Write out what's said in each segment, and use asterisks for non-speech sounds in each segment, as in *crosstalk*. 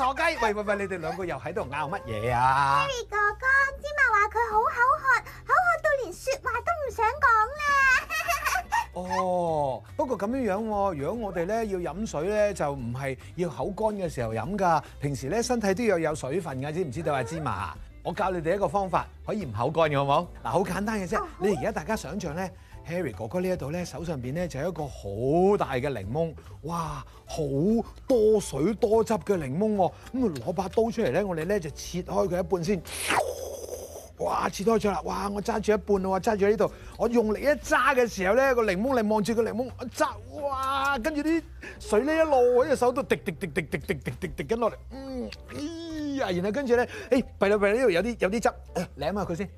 傻雞，喂喂喂，你哋兩個又喺度拗乜嘢啊？Berry 哥哥，芝麻話佢好口渴，口渴到連說話都唔想講啦。哦，不過咁樣樣，如果我哋咧要飲水咧，就唔係要口乾嘅時候飲㗎。平時咧身體都要有水分嘅，知唔知道啊，芝麻？我教你哋一個方法可以唔口乾嘅，好唔好？嗱，好簡單嘅啫。你而家大家想像咧。Harry 哥哥呢一度咧，手上邊咧就有一個好大嘅檸檬，哇，好多水多汁嘅檸檬，咁啊攞把刀出嚟咧，我哋咧就切開佢一半先，哇，切開咗啦，哇，我揸住一半咯，我揸住喺呢度，我用力一揸嘅時候咧，個檸檬嚟望住個檸檬，一揸，哇，跟住啲水咧一路喺隻手度滴滴滴滴滴滴滴滴緊落嚟，嗯，哎呀，然後跟住咧，哎，弊啦弊啦，呢度有啲有啲汁，舐下佢先。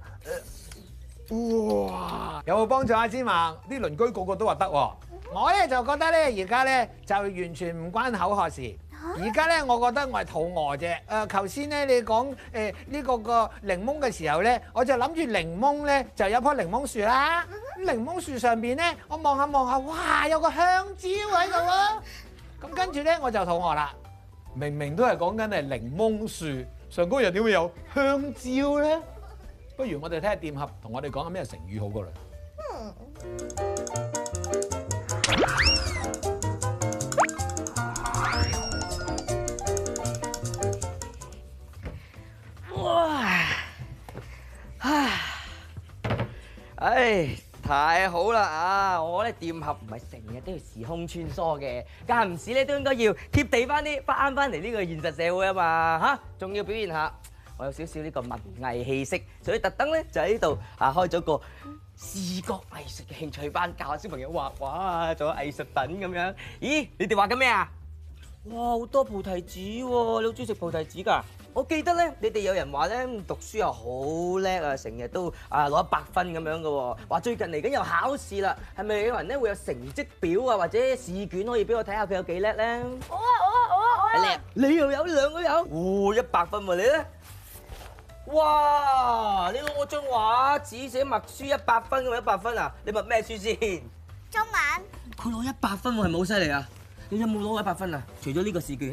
哇！有冇幫助啊，芝孟？啲鄰居個個都話得喎。我咧就覺得咧，而家咧就完全唔關口渴事。而家咧，我覺得我係肚餓啫。誒，頭先咧你講誒呢個個檸檬嘅時候咧，我就諗住檸檬咧就有棵檸檬樹啦。檸檬樹上邊咧，我望下望下，哇！有個香蕉喺度啊。咁跟住咧，我就肚餓啦。明明都係講緊係檸檬樹上高，人點會有香蕉咧？不如我哋聽下扂俠同我哋講下咩成語好過啦。哇！唉，太好啦啊！我咧，扂俠唔係成日都要時空穿梭嘅，間唔時咧都應該要貼地翻啲，翻翻嚟呢個現實社會啊嘛嚇，仲要表現下。我有少少呢個文藝氣息，所以特登咧就喺呢度啊開咗個視覺藝術嘅興趣班，教下小朋友畫畫啊，做下藝術品咁樣。咦，你哋畫緊咩啊？哇，好多菩提子喎！你好中意食菩提子噶？我記得咧，你哋有人話咧，讀書又好叻啊，成日都啊攞一百分咁樣嘅喎。話最近嚟緊又考試啦，係咪有人咧會有成績表啊，或者試卷可以俾我睇下佢有幾叻咧？好啊，好啊，好啊，好啊！你又有，兩個有。喎，一百分喎，你咧？哇！你攞我張畫紙寫默書一百分咁樣，一百分啊？你默咩書先？中文。佢攞一百分喎，係咪好犀利啊！你有冇攞一百分啊？除咗呢個試卷，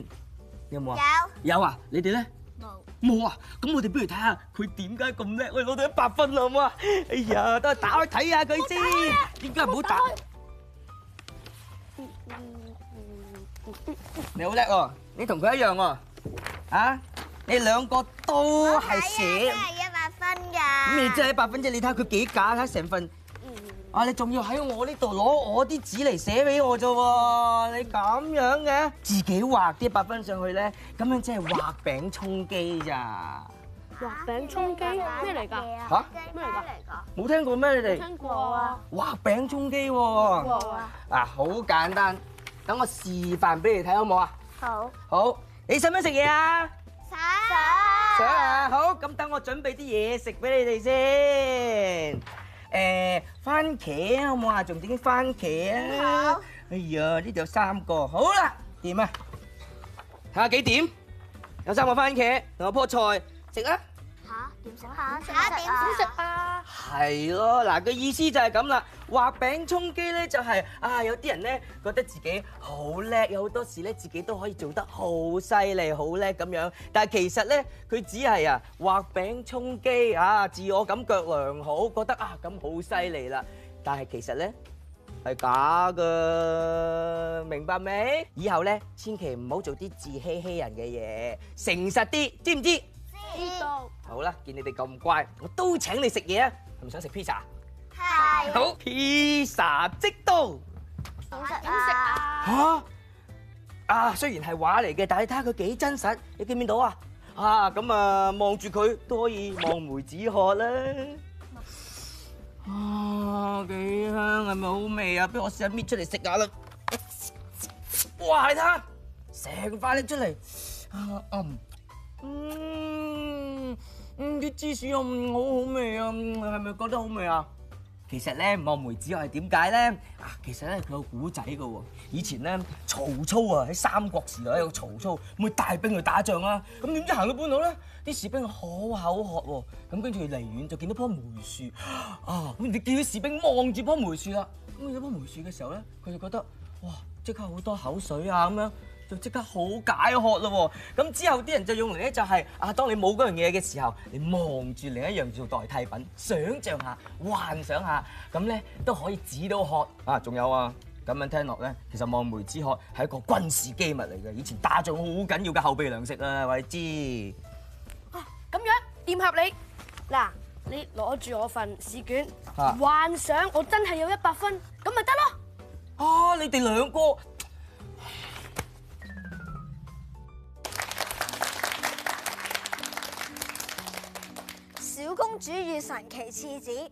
你有冇啊？有。有啊！你哋咧？冇。冇啊！咁我哋不如睇下佢點解咁叻，可以攞到一百分啦，好唔好啊？哎呀，都係打開睇下佢先。打開。點解唔好打？你好叻喎！你同佢一樣喎。啊？你兩個都係寫的，真係一百分㗎。咁你真係一百分啫！你睇下佢幾假，睇成份。啊！你仲要喺我呢度攞我啲紙嚟寫俾我啫喎！你咁樣嘅，自己畫啲一百分上去咧，咁樣即係畫餅充飢咋。畫餅充飢咩嚟㗎？嚇咩嚟㗎？冇聽過咩？你哋聽過啊？畫餅充飢喎，啊，啊，啊，啊，啊！好簡單，等我示範俾你睇，好冇啊？好。好，你想唔想食嘢啊？想，想啊！好，咁等我準備啲嘢食俾你哋先。誒，番茄好冇啊，仲點番茄？好。哎呀，呢度有三個，好啦，點啊？睇下幾點？有三個番茄，有棵菜，食啊！吓，點食？吓，點食啊？係咯，嗱個意思就係咁啦。畫餅充飢咧，就係啊，有啲人咧覺得自己好叻，有好多事咧自己都可以做得好犀利、好叻咁樣。但係其實咧，佢只係啊畫餅充飢啊，自我感覺良好，覺得啊咁好犀利啦。但係其實咧係假噶，明白未？以後咧千祈唔好做啲自欺欺人嘅嘢，誠實啲，知唔知？知道。好啦，見你哋咁乖，我都請你食嘢啊！係咪想食 pizza？係。好，pizza 即到。點食啊。吓？啊，雖然係畫嚟嘅，但係睇下佢幾真實，你見唔見到啊？啊，咁啊，望住佢都可以望梅止渴啦。啊，幾香，係咪好味啊？不如我試下搣出嚟食下啦。哇！睇下，成塊拎出嚟。嗯。嗯。嗯，啲芝士又好好味啊，係咪覺得好味啊？其實咧，望梅止渴係點解咧？啊，其實咧佢有古仔噶喎。以前咧，曹操啊喺三國時代有個曹操，會帶兵去打仗啊。咁點知行到半路咧，啲士兵好口渴喎、啊。咁跟住離遠就見到一棵梅樹啊！你叫啲士兵望住棵梅樹啦、啊。咁有棵梅樹嘅時候咧，佢就覺得哇，即刻好多口水啊咁樣，就即刻好解渴咯喎、啊。咁之後啲人就用嚟咧，就係、是、啊，當你冇嗰樣嘢嘅時候，你望住另一樣做代替品，想象下、幻想一下，咁咧都可以止到渴啊。仲有啊，咁樣聽落咧，其實望梅止渴係一個軍事機密嚟嘅，以前打仗好緊要嘅後備糧食啊，話你知。啊，咁樣，掂合你嗱？你攞住我份試卷，幻想我真係有一百分，咁咪得咯。啊！你哋兩個，小公主與神奇廁紙。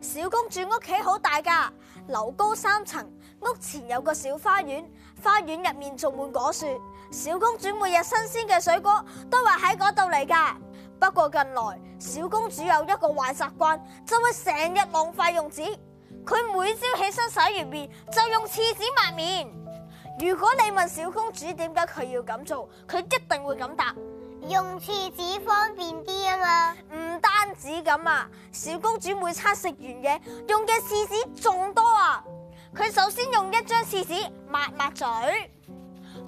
小公主屋企好大㗎，樓高三層，屋前有個小花園，花園入面種滿果樹，小公主每日新鮮嘅水果都話喺嗰度嚟㗎。不過近來小公主有一個壞習慣，就會成日浪費用紙。佢每朝起身洗完面就用廁紙抹面。如果你問小公主點解佢要咁做，佢一定會咁答：用廁紙方便啲啊嘛。唔單止咁啊，小公主每餐食完嘢用嘅廁紙仲多啊。佢首先用一張廁紙抹抹嘴，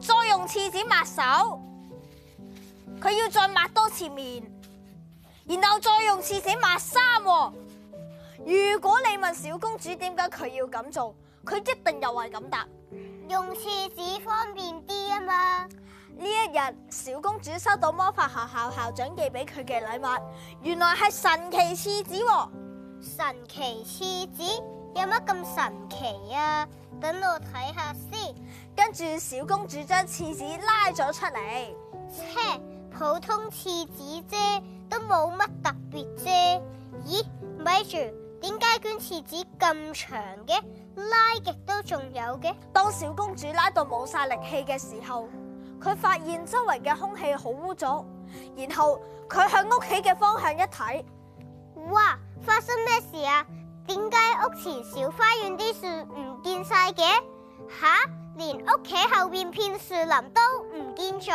再用廁紙抹手，佢要再抹多次面。然後再用廁紙抹衫。如果你問小公主點解佢要咁做，佢一定又係咁答：用廁紙方便啲啊嘛。呢一日，小公主收到魔法學校校長寄俾佢嘅禮物，原來係神奇廁紙。神奇廁紙有乜咁神奇啊？等我睇下先。跟住，小公主將廁紙拉咗出嚟。切，普通廁紙啫。都冇乜特別啫。咦，咪住，點解卷廁紙咁長嘅？拉極都仲有嘅。當小公主拉到冇晒力氣嘅時候，佢發現周圍嘅空氣好污咗。然後佢向屋企嘅方向一睇，哇！發生咩事啊？點解屋前小花園啲樹唔見晒嘅？吓，啊，連屋企後邊片樹林都唔見咗。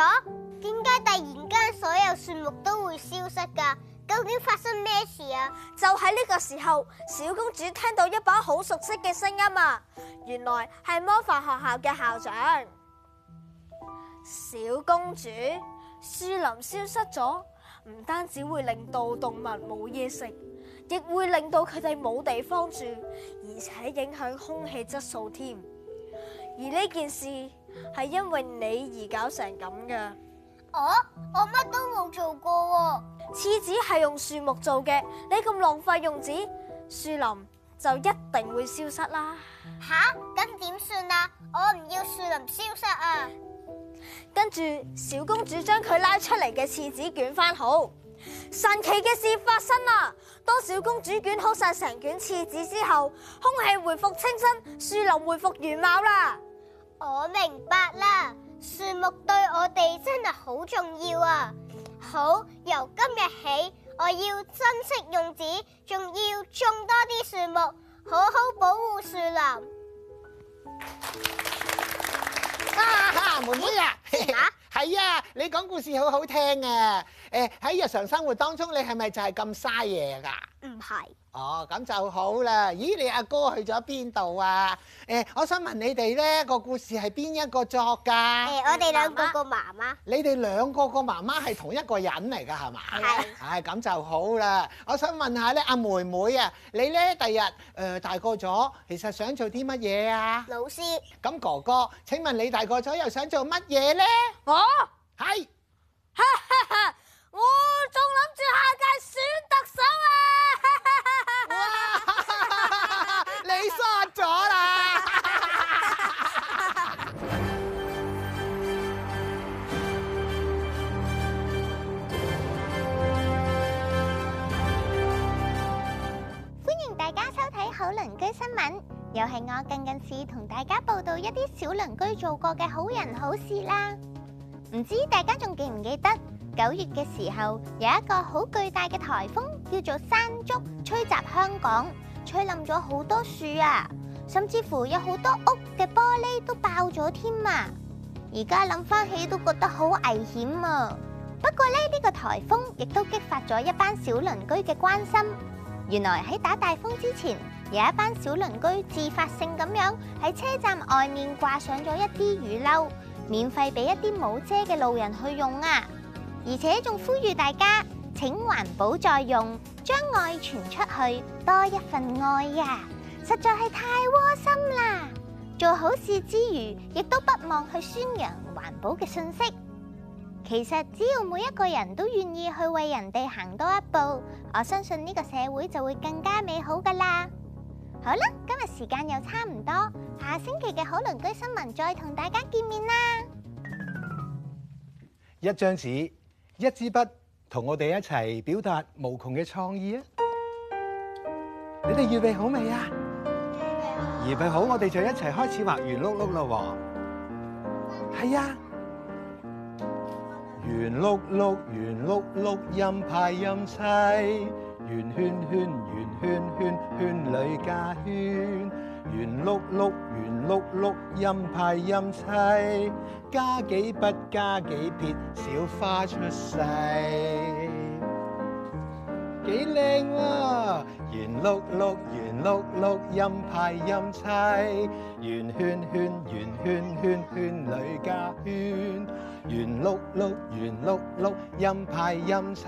點解突然間所有樹木都會消失噶，究竟發生咩事啊？就喺呢個時候，小公主聽到一把好熟悉嘅聲音啊！原來係魔法學校嘅校長。小公主，樹林消失咗，唔單止會令到動物冇嘢食，亦會令到佢哋冇地方住，而且影響空氣質素添。而呢件事係因為你而搞成咁嘅。哦，我乜都冇做過喎，廁紙係用樹木做嘅，你咁浪費用紙，樹林就一定會消失啦。吓，咁點算啊？我唔要樹林消失啊！跟住小公主將佢拉出嚟嘅廁紙捲翻好，神奇嘅事發生啦！當小公主捲好晒成卷廁紙之後，空氣回复清新，樹林回复原貌啦。我明白啦，樹木對我哋。好重要啊！好，由今日起，我要珍惜用紙，仲要種多啲樹木，好好保護樹林。啊哈，妹妹啊，吓，係 *laughs* 啊，你講故事好好聽啊！喺日常生活當中，你係咪就係咁嘥嘢噶？唔係。哦，咁就好啦。咦，你阿哥去咗邊度啊？誒，我想問你哋呢個故事係邊一個作㗎？誒，我哋兩個個媽媽。你哋兩個個媽媽係同一個人嚟㗎，係嘛？係。唉，咁就好啦。我想問下呢，阿妹妹啊，你呢第二日，誒大個咗，其實想做啲乜嘢啊？老師。咁哥哥，請問你大個咗又想做乜嘢呢？哦，係。我仲諗住下屆選特首啊！你失咗啦！歡迎大家收睇好鄰居新聞，又係我近近次同大家報道一啲小鄰居做過嘅好人好事啦。唔知大家仲記唔記得？九月嘅時候，有一個好巨大嘅台風，叫做山竹，吹襲香港，吹冧咗好多樹啊，甚至乎有好多屋嘅玻璃都爆咗添啊。而家諗翻起都覺得好危險啊。不過呢，呢個颱風亦都激發咗一班小鄰居嘅關心。原來喺打大風之前，有一班小鄰居自發性咁樣喺車站外面掛上咗一啲雨褸，免費俾一啲冇遮嘅路人去用啊。而且仲呼籲大家，請環保再用，將愛傳出去，多一份愛呀！實在係太窩心啦！做好事之餘，亦都不忘去宣揚環保嘅信息。其實只要每一個人都願意去為人哋行多一步，我相信呢個社會就會更加美好㗎啦！好啦，今日時間又差唔多，下星期嘅好鄰居新聞再同大家見面啦！一張紙，一支筆同我哋一齊表達無窮嘅創意啊！你哋預備好未啊？預備好，我哋就一齊開始畫圓碌碌咯喎！係、嗯、啊，圓碌碌，圓碌碌，音派音砌，圓圈圈，圓圈圈，圈裏加圈。圈圓碌碌，圓碌碌，音派音砌，加幾筆加，加幾撇，小花出世，幾靚啊！圓碌碌，圓碌碌，音派音砌，圓圈圈，圓圈圈，圈女家圈，圓碌碌，圓碌碌，音派音砌，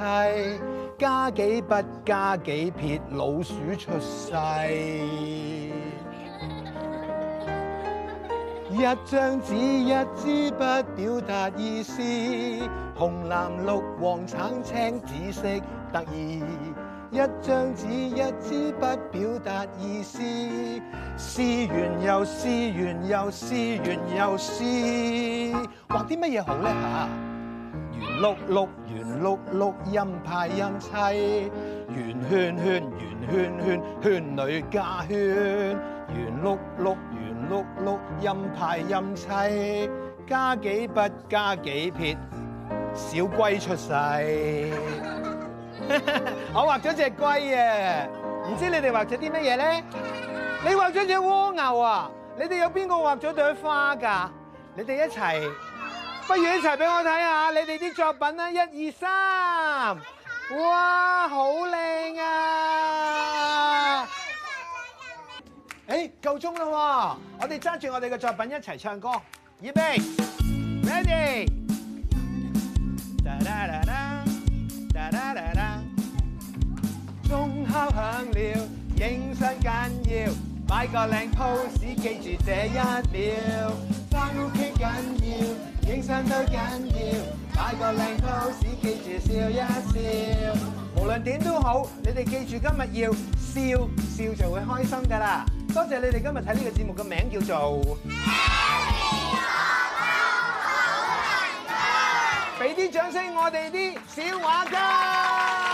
加幾筆加，加幾撇，老鼠出世。一張紙一支筆表達意思，紅藍綠黃橙青紫色得意一張紙。一張紙一枝筆表達意思，思完又思完又思完又思。畫啲乜嘢好咧？吓，圓碌碌圓碌碌音派音砌，圓圈圓圈圓圈圈圈，圈，圈，圈，圈裏加圈，圈，圓碌碌。圓碌碌六六任派任砌，加幾筆加，加幾撇，小龜出世。我畫咗隻龜啊，唔知你哋畫咗啲乜嘢咧？你畫咗隻蝸牛啊？你哋有邊個畫咗朵花噶？你哋一齊，不如一齊俾我睇下你哋啲作品啊。一二三，哇，好靚啊！誒夠鐘啦！我哋揸住我哋嘅作品一齊唱歌，預備 ready？啦啦啦啦啦啦啦啦！鐘敲響了，影相緊要，擺個靚 pose 記住這一秒，返屋企緊要，影相都緊要，擺個靚 pose 記住笑一笑。無論點都好，你哋記住今日要笑笑就會開心㗎啦！多謝，謝你哋今日睇呢個節目嘅名叫做《Happy Hong Kong 好男歌》，俾啲掌聲我哋啲小畫家。